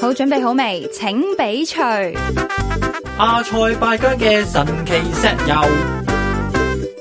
好，準備好未？請比賽。阿塞拜疆嘅神奇石油。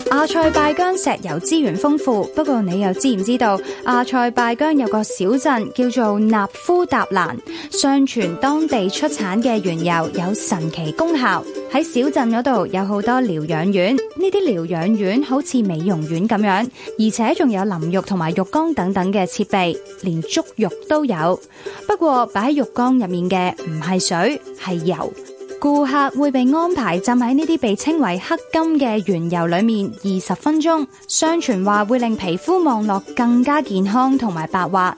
阿塞拜疆石油資源豐富，不過你又知唔知道阿塞拜疆有個小鎮叫做納夫達蘭？相傳當地出產嘅原油有神奇功效。喺小鎮嗰度有好多療養院，呢啲療養院好似美容院咁樣，而且仲有淋浴同埋浴缸等等嘅設備，連足浴都有。不過擺喺浴缸入面嘅唔係水，係油。顧客會被安排浸喺呢啲被稱為黑金嘅原油裏面二十分鐘，相傳話會令皮膚望落更加健康同埋白滑。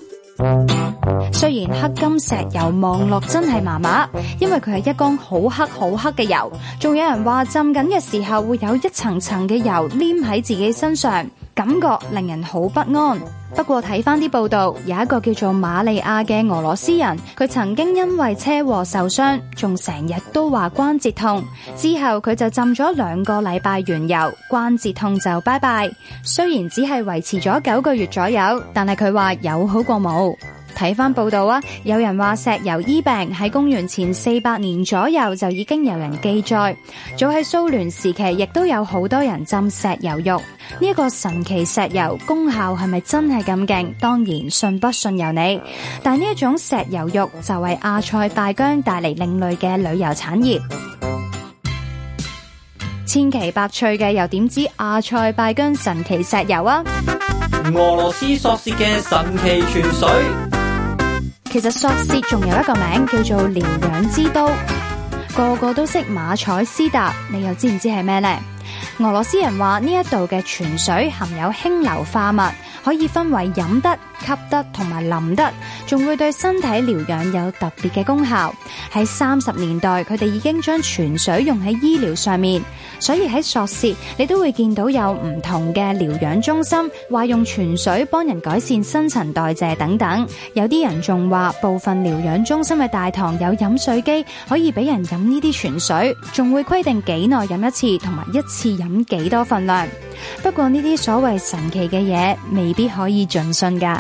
雖然黑金石油望落真係麻麻，因為佢係一缸好黑好黑嘅油，仲有人話浸緊嘅時候會有一層層嘅油黏喺自己身上。感覺令人好不安。不過睇翻啲報道，有一個叫做瑪利亞嘅俄羅斯人，佢曾經因為車禍受傷，仲成日都話關節痛。之後佢就浸咗兩個禮拜原油，關節痛就拜拜。雖然只係維持咗九個月左右，但係佢話有好過冇。睇翻報道啊，有人話石油醫病喺公元前四百年左右就已經有人記載，早喺蘇聯時期亦都有好多人浸石油浴。呢一個神奇石油功效係咪真係咁勁？當然，信不信由你。但呢一種石油浴就係阿塞拜疆帶嚟另類嘅旅遊產業， 千奇百趣嘅又點知阿塞拜疆神奇石油啊？俄羅斯索契嘅神奇泉水，其實索契仲有一個名叫做療養之都，個個都識馬彩斯達，你又知唔知係咩呢？俄羅斯人話：呢一度嘅泉水含有氫硫化物，可以分為飲得，吸得同埋淋得，仲會對身體療養有特別嘅功效。喺三十年代，佢哋已經將泉水用喺醫療上面，所以喺索士你都會見到有唔同嘅療養中心話用泉水幫人改善新陳代謝等等。有啲人仲話部分療養中心嘅大堂有飲水機可以俾人飲呢啲泉水，仲會規定幾耐飲一次同埋一次飲幾多份量。不過呢啲所謂神奇嘅嘢，未必可以盡信噶。